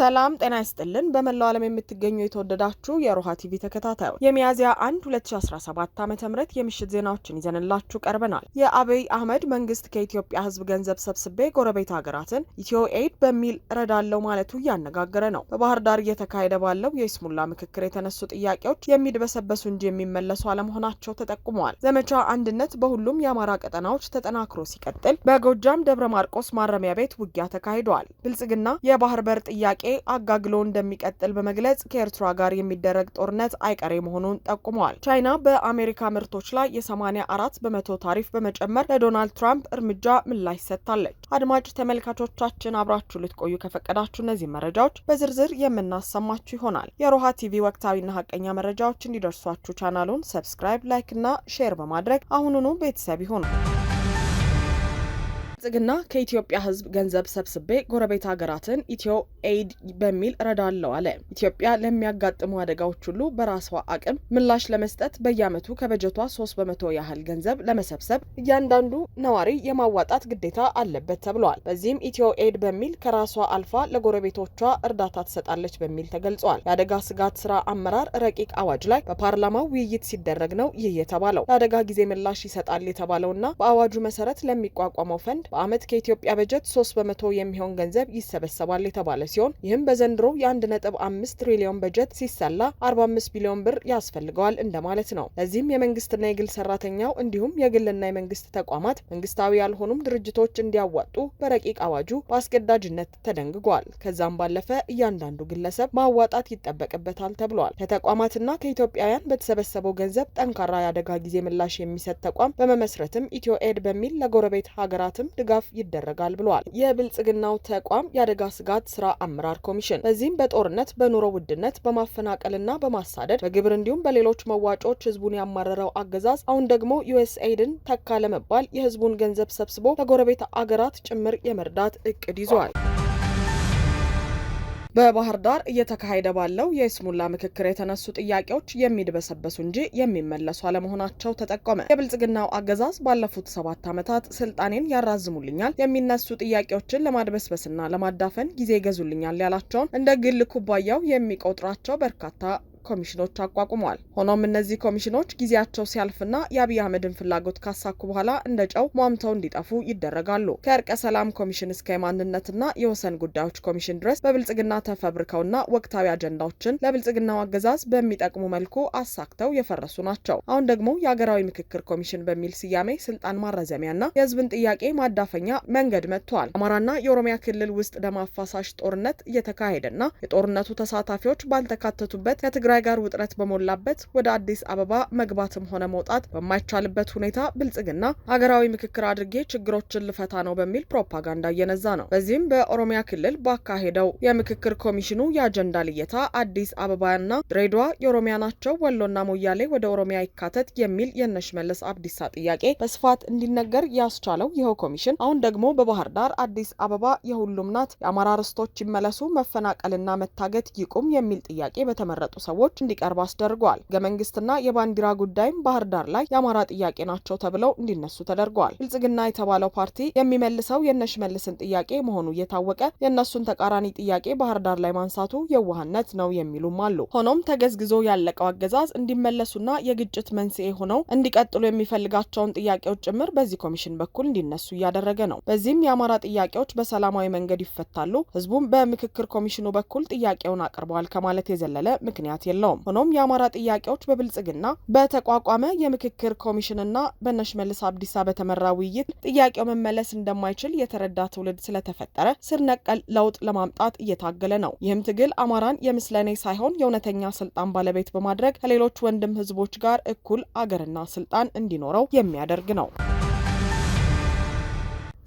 ሰላም ጤና ይስጥልን። በመላው ዓለም የምትገኙ የተወደዳችሁ የሮሃ ቲቪ ተከታታዮች የሚያዝያ 1 2017 ዓ ም የምሽት ዜናዎችን ይዘንላችሁ ቀርበናል። የአብይ አህመድ መንግስት ከኢትዮጵያ ህዝብ ገንዘብ ሰብስቤ ጎረቤት ሀገራትን ኢትዮ ኤድ በሚል እረዳለው ማለቱ እያነጋገረ ነው። በባህር ዳር እየተካሄደ ባለው የይስሙላ ምክክር የተነሱ ጥያቄዎች የሚድበሰበሱ እንጂ የሚመለሱ አለመሆናቸው ተጠቁመዋል። ዘመቻ አንድነት በሁሉም የአማራ ቀጠናዎች ተጠናክሮ ሲቀጥል፣ በጎጃም ደብረ ማርቆስ ማረሚያ ቤት ውጊያ ተካሂደዋል። ብልጽግና የባህር በር ጥያቄ አጋግሎ እንደሚቀጥል በመግለጽ ከኤርትራ ጋር የሚደረግ ጦርነት አይቀሬ መሆኑን ጠቁመዋል። ቻይና በአሜሪካ ምርቶች ላይ የ84 በመቶ ታሪፍ በመጨመር ለዶናልድ ትራምፕ እርምጃ ምላሽ ሰጥታለች። አድማጭ ተመልካቾቻችን አብራችሁ ልትቆዩ ከፈቀዳችሁ እነዚህ መረጃዎች በዝርዝር የምናሰማችሁ ይሆናል። የሮሃ ቲቪ ወቅታዊና ሀቀኛ መረጃዎች እንዲደርሷችሁ ቻናሉን ሰብስክራይብ፣ ላይክ እና ሼር በማድረግ አሁኑኑ ቤተሰብ ይሁኑ። ብልጽግና ከኢትዮጵያ ህዝብ ገንዘብ ሰብስቤ ጎረቤት ሀገራትን ኢትዮ ኤድ በሚል ረዳለው አለ። ኢትዮጵያ ለሚያጋጥሙ አደጋዎች ሁሉ በራሷ አቅም ምላሽ ለመስጠት በየዓመቱ ከበጀቷ ሶስት በመቶ ያህል ገንዘብ ለመሰብሰብ እያንዳንዱ ነዋሪ የማዋጣት ግዴታ አለበት ተብሏል። በዚህም ኢትዮ ኤድ በሚል ከራሷ አልፋ ለጎረቤቶቿ እርዳታ ትሰጣለች በሚል ተገልጿል። የአደጋ ስጋት ስራ አመራር ረቂቅ አዋጅ ላይ በፓርላማው ውይይት ሲደረግ ነው ይህ የተባለው። ለአደጋ ጊዜ ምላሽ ይሰጣል የተባለውና በአዋጁ መሰረት ለሚቋቋመው ፈንድ በአመት ከኢትዮጵያ በጀት ሶስት በመቶ የሚሆን ገንዘብ ይሰበሰባል የተባለ ሲሆን ይህም በዘንድሮ የአንድ ነጥብ አምስት ትሪሊዮን በጀት ሲሰላ አርባ አምስት ቢሊዮን ብር ያስፈልገዋል እንደማለት ነው። ለዚህም የመንግስትና የግል ሰራተኛው እንዲሁም የግልና የመንግስት ተቋማት መንግስታዊ ያልሆኑም ድርጅቶች እንዲያዋጡ በረቂቅ አዋጁ በአስገዳጅነት ተደንግጓል። ከዛም ባለፈ እያንዳንዱ ግለሰብ ማዋጣት ይጠበቅበታል ተብሏል። ከተቋማትና ከኢትዮጵያውያን በተሰበሰበው ገንዘብ ጠንካራ የአደጋ ጊዜ ምላሽ የሚሰጥ ተቋም በመመስረትም ኢትዮኤድ በሚል ለጎረቤት ሀገራትም ድጋፍ ይደረጋል ብለዋል። የብልጽግናው ተቋም የአደጋ ስጋት ስራ አመራር ኮሚሽን በዚህም በጦርነት በኑሮ ውድነት በማፈናቀልና በማሳደድ በግብር እንዲሁም በሌሎች መዋጮዎች ህዝቡን ያማረረው አገዛዝ አሁን ደግሞ ዩኤስኤድን ተካ ለመባል የህዝቡን ገንዘብ ሰብስቦ ለጎረቤት አገራት ጭምር የመርዳት እቅድ ይዟል። በባህር ዳር እየተካሄደ ባለው የይስሙላ ምክክር የተነሱ ጥያቄዎች የሚድበሰበሱ እንጂ የሚመለሱ አለመሆናቸው ተጠቆመ። የብልጽግናው አገዛዝ ባለፉት ሰባት ዓመታት ስልጣኔን ያራዝሙልኛል፣ የሚነሱ ጥያቄዎችን ለማድበስበስና ለማዳፈን ጊዜ ይገዙልኛል ያላቸውን እንደ ግል ኩባያው የሚቆጥራቸው በርካታ ኮሚሽኖች አቋቁመዋል። ሆኖም እነዚህ ኮሚሽኖች ጊዜያቸው ሲያልፍና የአብይ አህመድን ፍላጎት ካሳኩ በኋላ እንደ ጨው ሟምተው እንዲጠፉ ይደረጋሉ። ከእርቀ ሰላም ኮሚሽን እስከ የማንነትና የወሰን ጉዳዮች ኮሚሽን ድረስ በብልጽግና ተፈብርከውና ወቅታዊ አጀንዳዎችን ለብልጽግናው አገዛዝ በሚጠቅሙ መልኩ አሳክተው የፈረሱ ናቸው። አሁን ደግሞ የአገራዊ ምክክር ኮሚሽን በሚል ስያሜ ስልጣን ማራዘሚያና የህዝብን ጥያቄ ማዳፈኛ መንገድ መጥቷል። አማራና የኦሮሚያ ክልል ውስጥ ደም አፋሳሽ ጦርነት እየተካሄደና የጦርነቱ ተሳታፊዎች ባልተካተቱበት ከትግራ ጋር ውጥረት በሞላበት ወደ አዲስ አበባ መግባትም ሆነ መውጣት በማይቻልበት ሁኔታ ብልጽግና ሀገራዊ ምክክር አድርጌ ችግሮችን ልፈታ ነው በሚል ፕሮፓጋንዳ እየነዛ ነው። በዚህም በኦሮሚያ ክልል ባካሄደው የምክክር ኮሚሽኑ የአጀንዳ ልየታ አዲስ አበባና ድሬዳዋ የኦሮሚያ ናቸው፣ ወሎና ሞያሌ ወደ ኦሮሚያ ይካተት የሚል የነሽ መለስ አብዲሳ ጥያቄ በስፋት እንዲነገር ያስቻለው ይኸው ኮሚሽን አሁን ደግሞ በባህር ዳር አዲስ አበባ የሁሉም ናት፣ የአማራ ርስቶች ይመለሱ፣ መፈናቀልና መታገት ይቁም የሚል ጥያቄ በተመረጡ ሰዎች ሰዎች እንዲቀርብ አስደርጓል። ህገ መንግስትና የባንዲራ ጉዳይም ባህር ዳር ላይ የአማራ ጥያቄ ናቸው ተብለው እንዲነሱ ተደርገዋል። ብልጽግና የተባለው ፓርቲ የሚመልሰው መልስን ጥያቄ መሆኑ እየታወቀ የእነሱን ተቃራኒ ጥያቄ ባህር ዳር ላይ ማንሳቱ የዋህነት ነው የሚሉም አሉ። ሆኖም ተገዝግዞ ያለቀው አገዛዝ እንዲመለሱና የግጭት መንስኤ ሆነው እንዲቀጥሉ የሚፈልጋቸውን ጥያቄዎች ጭምር በዚህ ኮሚሽን በኩል እንዲነሱ እያደረገ ነው። በዚህም የአማራ ጥያቄዎች በሰላማዊ መንገድ ይፈታሉ፣ ህዝቡም በምክክር ኮሚሽኑ በኩል ጥያቄውን አቅርበዋል ከማለት የዘለለ ምክንያት የለውም። ሆኖም የአማራ ጥያቄዎች በብልጽግና በተቋቋመ የምክክር ኮሚሽንና በሽመልስ አብዲሳ በተመራ ውይይት ጥያቄው መመለስ እንደማይችል የተረዳ ትውልድ ስለተፈጠረ ስር ነቀል ለውጥ ለማምጣት እየታገለ ነው። ይህም ትግል አማራን የምስለኔ ሳይሆን የእውነተኛ ስልጣን ባለቤት በማድረግ ከሌሎች ወንድም ህዝቦች ጋር እኩል አገርና ስልጣን እንዲኖረው የሚያደርግ ነው።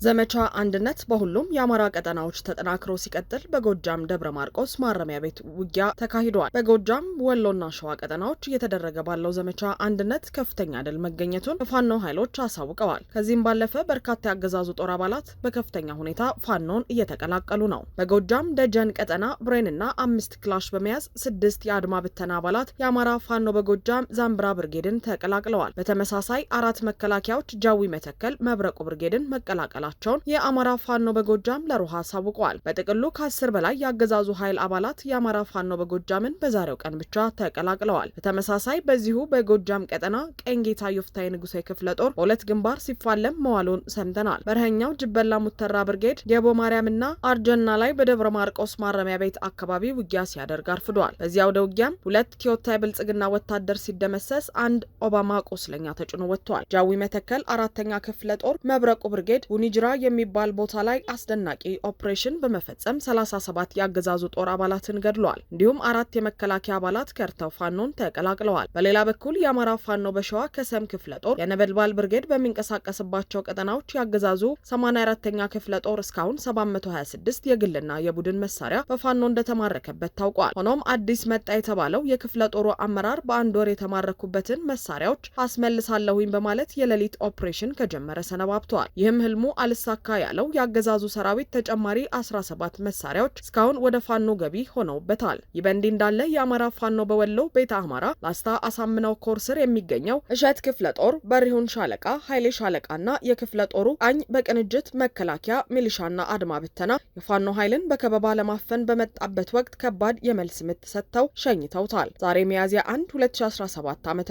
ዘመቻ አንድነት በሁሉም የአማራ ቀጠናዎች ተጠናክሮ ሲቀጥል በጎጃም ደብረ ማርቆስ ማረሚያ ቤት ውጊያ ተካሂደዋል። በጎጃም ወሎና ሸዋ ቀጠናዎች እየተደረገ ባለው ዘመቻ አንድነት ከፍተኛ ድል መገኘቱን የፋኖ ኃይሎች አሳውቀዋል። ከዚህም ባለፈ በርካታ ያገዛዙ ጦር አባላት በከፍተኛ ሁኔታ ፋኖን እየተቀላቀሉ ነው። በጎጃም ደጀን ቀጠና ብሬንና አምስት ክላሽ በመያዝ ስድስት የአድማ ብተና አባላት የአማራ ፋኖ በጎጃም ዛምብራ ብርጌድን ተቀላቅለዋል። በተመሳሳይ አራት መከላከያዎች ጃዊ መተከል መብረቁ ብርጌድን መቀላቀላል መቀበላቸውን የአማራ ፋኖ በጎጃም ለሮሃ አሳውቀዋል። በጥቅሉ ከአስር በላይ የአገዛዙ ኃይል አባላት የአማራ ፋኖ በጎጃምን በዛሬው ቀን ብቻ ተቀላቅለዋል። በተመሳሳይ በዚሁ በጎጃም ቀጠና ቀኝጌታ ዮፍታይ ንጉሴ ክፍለ ጦር በሁለት ግንባር ሲፋለም መዋሉን ሰምተናል። በረሀኛው ጅበላ ሙተራ ብርጌድ ጌቦ ማርያምና አርጀና ላይ በደብረ ማርቆስ ማረሚያ ቤት አካባቢ ውጊያ ሲያደርግ አርፍዷል። በዚያ ወደ ውጊያም ሁለት ኪዮታ የብልጽግና ወታደር ሲደመሰስ አንድ ኦባማ ቆስለኛ ተጭኖ ወጥቷል። ጃዊ መተከል አራተኛ ክፍለ ጦር መብረቁ ብርጌድ ቡኒጅ ቡልጅራ የሚባል ቦታ ላይ አስደናቂ ኦፕሬሽን በመፈጸም 37 የአገዛዙ ጦር አባላትን ገድለዋል። እንዲሁም አራት የመከላከያ አባላት ከርተው ፋኖን ተቀላቅለዋል። በሌላ በኩል የአማራ ፋኖ በሸዋ ከሰም ክፍለ ጦር የነበልባል ብርጌድ በሚንቀሳቀስባቸው ቀጠናዎች ያገዛዙ 84ኛ ክፍለ ጦር እስካሁን 726 የግልና የቡድን መሳሪያ በፋኖ እንደተማረከበት ታውቋል። ሆኖም አዲስ መጣ የተባለው የክፍለ ጦሩ አመራር በአንድ ወር የተማረኩበትን መሳሪያዎች አስመልሳለሁኝ በማለት የሌሊት ኦፕሬሽን ከጀመረ ሰነባብተዋል። ይህም ህልሙ አልሳካ ያለው የአገዛዙ ሰራዊት ተጨማሪ 17 መሳሪያዎች እስካሁን ወደ ፋኖ ገቢ ሆነውበታል። ይህ በእንዲህ እንዳለ የአማራ ፋኖ በወሎ ቤተ አማራ ላስታ አሳምነው ኮር ስር የሚገኘው እሸት ክፍለ ጦር በሪሁን ሻለቃ፣ ኃይሌ ሻለቃና የክፍለ ጦሩ አኝ በቅንጅት መከላከያ ሚሊሻና አድማ ብተና የፋኖ ኃይልን በከበባ ለማፈን በመጣበት ወቅት ከባድ የመልስ ምት ሰጥተው ሸኝተውታል። ዛሬ ሚያዝያ 1 2017 ዓ ም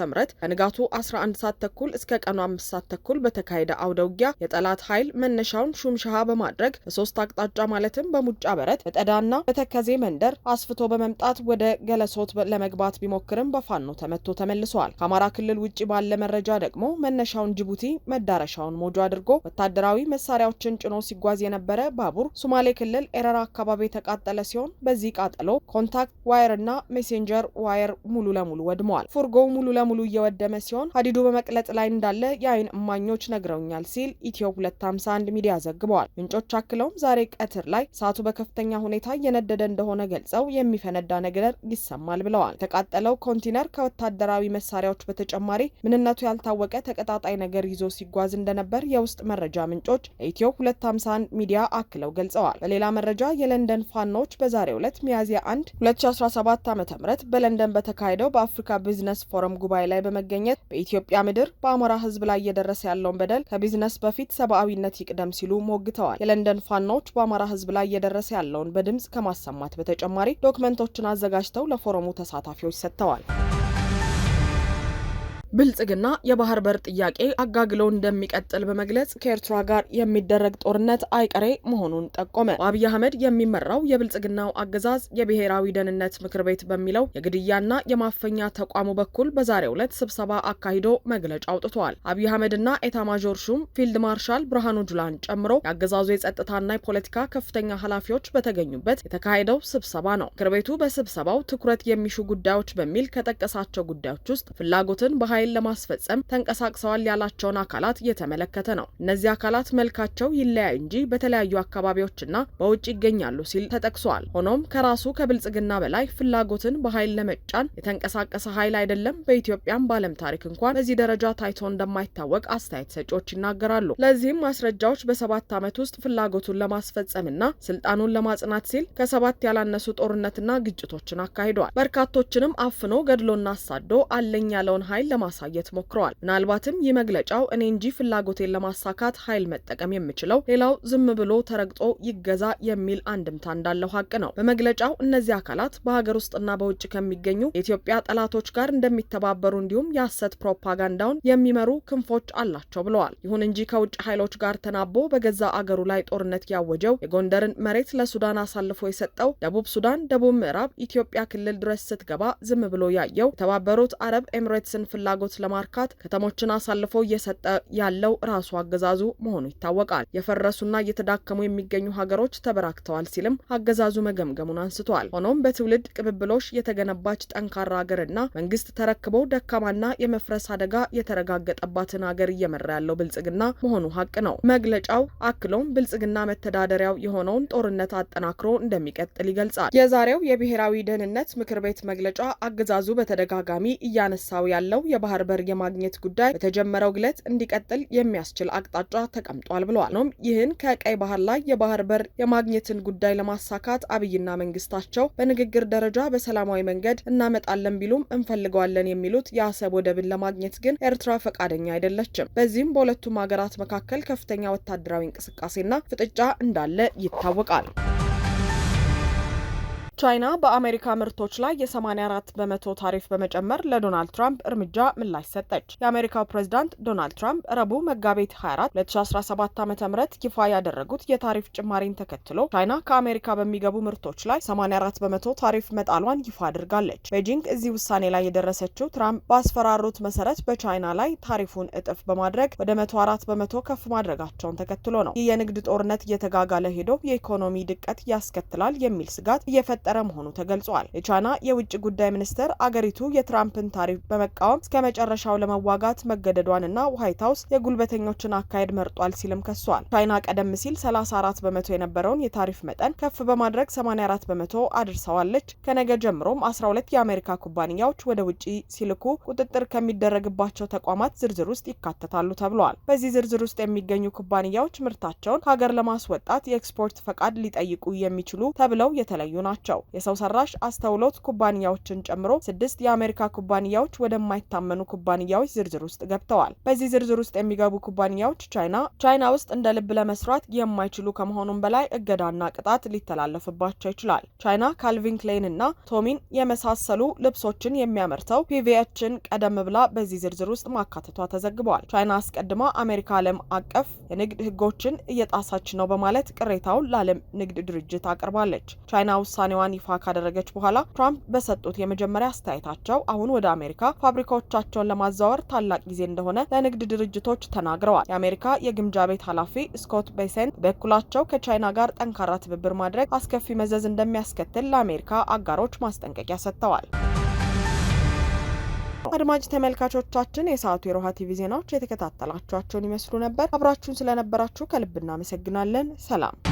ከንጋቱ 11 ሰዓት ተኩል እስከ ቀኑ 5 ሰዓት ተኩል በተካሄደ አውደውጊያ የጠላት ኃይል መነሻውን ሹምሽሃ በማድረግ በሶስት አቅጣጫ ማለትም በሙጫ በረት፣ በጠዳና በተከዜ መንደር አስፍቶ በመምጣት ወደ ገለሶት ለመግባት ቢሞክርም በፋኖ ተመቶ ተመልሷል። ከአማራ ክልል ውጭ ባለ መረጃ ደግሞ መነሻውን ጅቡቲ መዳረሻውን ሞጆ አድርጎ ወታደራዊ መሳሪያዎችን ጭኖ ሲጓዝ የነበረ ባቡር ሶማሌ ክልል ኤረራ አካባቢ የተቃጠለ ሲሆን በዚህ ቃጠሎ ኮንታክት ዋየር እና ሜሴንጀር ዋየር ሙሉ ለሙሉ ወድመዋል። ፉርጎው ሙሉ ለሙሉ እየወደመ ሲሆን ሀዲዱ በመቅለጥ ላይ እንዳለ የአይን እማኞች ነግረውኛል ሲል ኢትዮ 251 አንድ ሚዲያ ዘግበዋል። ምንጮች አክለውም ዛሬ ቀትር ላይ እሳቱ በከፍተኛ ሁኔታ እየነደደ እንደሆነ ገልጸው የሚፈነዳ ነገር ይሰማል ብለዋል። የተቃጠለው ኮንቲነር ከወታደራዊ መሳሪያዎች በተጨማሪ ምንነቱ ያልታወቀ ተቀጣጣይ ነገር ይዞ ሲጓዝ እንደነበር የውስጥ መረጃ ምንጮች ኢትዮ 251 ሚዲያ አክለው ገልጸዋል። በሌላ መረጃ የለንደን ፋኖች በዛሬ ዕለት ሚያዝያ 1 2017 ዓ ም በለንደን በተካሄደው በአፍሪካ ቢዝነስ ፎረም ጉባኤ ላይ በመገኘት በኢትዮጵያ ምድር በአማራ ሕዝብ ላይ እየደረሰ ያለውን በደል ከቢዝነስ በፊት ሰብአዊነት ይቅደም ሲሉ ሞግተዋል። የለንደን ፋናዎች በአማራ ህዝብ ላይ እየደረሰ ያለውን በድምፅ ከማሰማት በተጨማሪ ዶክመንቶችን አዘጋጅተው ለፎረሙ ተሳታፊዎች ሰጥተዋል። ብልጽግና የባህር በር ጥያቄ አጋግሎ እንደሚቀጥል በመግለጽ ከኤርትራ ጋር የሚደረግ ጦርነት አይቀሬ መሆኑን ጠቆመ። አብይ አህመድ የሚመራው የብልጽግናው አገዛዝ የብሔራዊ ደህንነት ምክር ቤት በሚለው የግድያና የማፈኛ ተቋሙ በኩል በዛሬው ዕለት ስብሰባ አካሂዶ መግለጫ አውጥተዋል። አብይ አህመድና ኤታማዦር ሹም ፊልድ ማርሻል ብርሃኑ ጁላን ጨምሮ የአገዛዙ የጸጥታና የፖለቲካ ከፍተኛ ኃላፊዎች በተገኙበት የተካሄደው ስብሰባ ነው። ምክር ቤቱ በስብሰባው ትኩረት የሚሹ ጉዳዮች በሚል ከጠቀሳቸው ጉዳዮች ውስጥ ፍላጎትን በሀይ ራዕይን ለማስፈጸም ተንቀሳቅሰዋል ያላቸውን አካላት እየተመለከተ ነው። እነዚህ አካላት መልካቸው ይለያይ እንጂ በተለያዩ አካባቢዎችና በውጭ ይገኛሉ ሲል ተጠቅሷል። ሆኖም ከራሱ ከብልጽግና በላይ ፍላጎትን በኃይል ለመጫን የተንቀሳቀሰ ኃይል አይደለም፣ በኢትዮጵያም በዓለም ታሪክ እንኳን በዚህ ደረጃ ታይቶ እንደማይታወቅ አስተያየት ሰጪዎች ይናገራሉ። ለዚህም ማስረጃዎች በሰባት ዓመት ውስጥ ፍላጎቱን ለማስፈጸምና ስልጣኑን ለማጽናት ሲል ከሰባት ያላነሱ ጦርነትና ግጭቶችን አካሂደዋል። በርካቶችንም አፍኖ ገድሎና አሳዶ አለኝ ያለውን ኃይል ለማ ለማሳየት ሞክረዋል። ምናልባትም ይህ መግለጫው እኔ እንጂ ፍላጎቴን ለማሳካት ኃይል መጠቀም የምችለው ሌላው ዝም ብሎ ተረግጦ ይገዛ የሚል አንድምታ እንዳለው ሀቅ ነው። በመግለጫው እነዚህ አካላት በሀገር ውስጥና በውጭ ከሚገኙ የኢትዮጵያ ጠላቶች ጋር እንደሚተባበሩ እንዲሁም የሐሰት ፕሮፓጋንዳውን የሚመሩ ክንፎች አላቸው ብለዋል። ይሁን እንጂ ከውጭ ኃይሎች ጋር ተናቦ በገዛ አገሩ ላይ ጦርነት ያወጀው የጎንደርን መሬት ለሱዳን አሳልፎ የሰጠው ደቡብ ሱዳን ደቡብ ምዕራብ ኢትዮጵያ ክልል ድረስ ስትገባ ዝም ብሎ ያየው የተባበሩት አረብ ኤምሬትስን ፍላጎ ፍላጎት ለማርካት ከተሞችን አሳልፎ እየሰጠ ያለው ራሱ አገዛዙ መሆኑ ይታወቃል። የፈረሱና እየተዳከሙ የሚገኙ ሀገሮች ተበራክተዋል ሲልም አገዛዙ መገምገሙን አንስቷል። ሆኖም በትውልድ ቅብብሎሽ የተገነባች ጠንካራ ሀገርና መንግስት ተረክቦ ደካማና የመፍረስ አደጋ የተረጋገጠባትን ሀገር እየመራ ያለው ብልጽግና መሆኑ ሀቅ ነው። መግለጫው አክሎም ብልጽግና መተዳደሪያው የሆነውን ጦርነት አጠናክሮ እንደሚቀጥል ይገልጻል። የዛሬው የብሔራዊ ደህንነት ምክር ቤት መግለጫ አገዛዙ በተደጋጋሚ እያነሳው ያለው የባ በር የማግኘት ጉዳይ በተጀመረው ግለት እንዲቀጥል የሚያስችል አቅጣጫ ተቀምጧል ብለዋል። ሆኖም ይህን ከቀይ ባህር ላይ የባህር በር የማግኘትን ጉዳይ ለማሳካት አብይና መንግስታቸው በንግግር ደረጃ በሰላማዊ መንገድ እናመጣለን ቢሉም እንፈልገዋለን የሚሉት የአሰብ ወደብን ለማግኘት ግን ኤርትራ ፈቃደኛ አይደለችም። በዚህም በሁለቱም ሀገራት መካከል ከፍተኛ ወታደራዊ እንቅስቃሴና ፍጥጫ እንዳለ ይታወቃል። ቻይና በአሜሪካ ምርቶች ላይ የ84 በመቶ ታሪፍ በመጨመር ለዶናልድ ትራምፕ እርምጃ ምላሽ ሰጠች። የአሜሪካው ፕሬዚዳንት ዶናልድ ትራምፕ ረቡዕ መጋቢት 24 2017 ዓ ም ይፋ ያደረጉት የታሪፍ ጭማሪን ተከትሎ ቻይና ከአሜሪካ በሚገቡ ምርቶች ላይ 84 በመቶ ታሪፍ መጣሏን ይፋ አድርጋለች። ቤጂንግ እዚህ ውሳኔ ላይ የደረሰችው ትራምፕ ባስፈራሩት መሰረት በቻይና ላይ ታሪፉን እጥፍ በማድረግ ወደ 104 በመቶ ከፍ ማድረጋቸውን ተከትሎ ነው። ይህ የንግድ ጦርነት እየተጋጋለ ሄዶ የኢኮኖሚ ድቀት ያስከትላል የሚል ስጋት እየፈጠ እየተፈጠረ መሆኑ ተገልጿል። የቻይና የውጭ ጉዳይ ሚኒስትር አገሪቱ የትራምፕን ታሪፍ በመቃወም እስከ መጨረሻው ለመዋጋት መገደዷንና ዋይት ሀውስ የጉልበተኞችን አካሄድ መርጧል ሲልም ከሷል። ቻይና ቀደም ሲል 34 በመቶ የነበረውን የታሪፍ መጠን ከፍ በማድረግ 84 በመቶ አድርሰዋለች። ከነገ ጀምሮም 12 የአሜሪካ ኩባንያዎች ወደ ውጭ ሲልኩ ቁጥጥር ከሚደረግባቸው ተቋማት ዝርዝር ውስጥ ይካተታሉ ተብሏል። በዚህ ዝርዝር ውስጥ የሚገኙ ኩባንያዎች ምርታቸውን ከሀገር ለማስወጣት የኤክስፖርት ፈቃድ ሊጠይቁ የሚችሉ ተብለው የተለዩ ናቸው። ነው። የሰው ሰራሽ አስተውሎት ኩባንያዎችን ጨምሮ ስድስት የአሜሪካ ኩባንያዎች ወደማይታመኑ ኩባንያዎች ዝርዝር ውስጥ ገብተዋል። በዚህ ዝርዝር ውስጥ የሚገቡ ኩባንያዎች ቻይና ቻይና ውስጥ እንደ ልብ ለመስራት የማይችሉ ከመሆኑም በላይ እገዳና ቅጣት ሊተላለፍባቸው ይችላል። ቻይና ካልቪን ክሌን እና ቶሚን የመሳሰሉ ልብሶችን የሚያመርተው ፒቪኤችን ቀደም ብላ በዚህ ዝርዝር ውስጥ ማካተቷ ተዘግቧል። ቻይና አስቀድማ አሜሪካ ዓለም አቀፍ የንግድ ሕጎችን እየጣሳች ነው በማለት ቅሬታውን ለዓለም ንግድ ድርጅት አቅርባለች። ቻይና ውሳኔዋ ውሳኔዋን ይፋ ካደረገች በኋላ ትራምፕ በሰጡት የመጀመሪያ አስተያየታቸው አሁን ወደ አሜሪካ ፋብሪካዎቻቸውን ለማዛወር ታላቅ ጊዜ እንደሆነ ለንግድ ድርጅቶች ተናግረዋል። የአሜሪካ የግምጃ ቤት ኃላፊ ስኮት ቤሰንት በኩላቸው ከቻይና ጋር ጠንካራ ትብብር ማድረግ አስከፊ መዘዝ እንደሚያስከትል ለአሜሪካ አጋሮች ማስጠንቀቂያ ሰጥተዋል። አድማጭ ተመልካቾቻችን የሰዓቱ የሮሃ ቲቪ ዜናዎች የተከታተላችኋቸውን ይመስሉ ነበር። አብራችሁን ስለነበራችሁ ከልብ እናመሰግናለን። ሰላም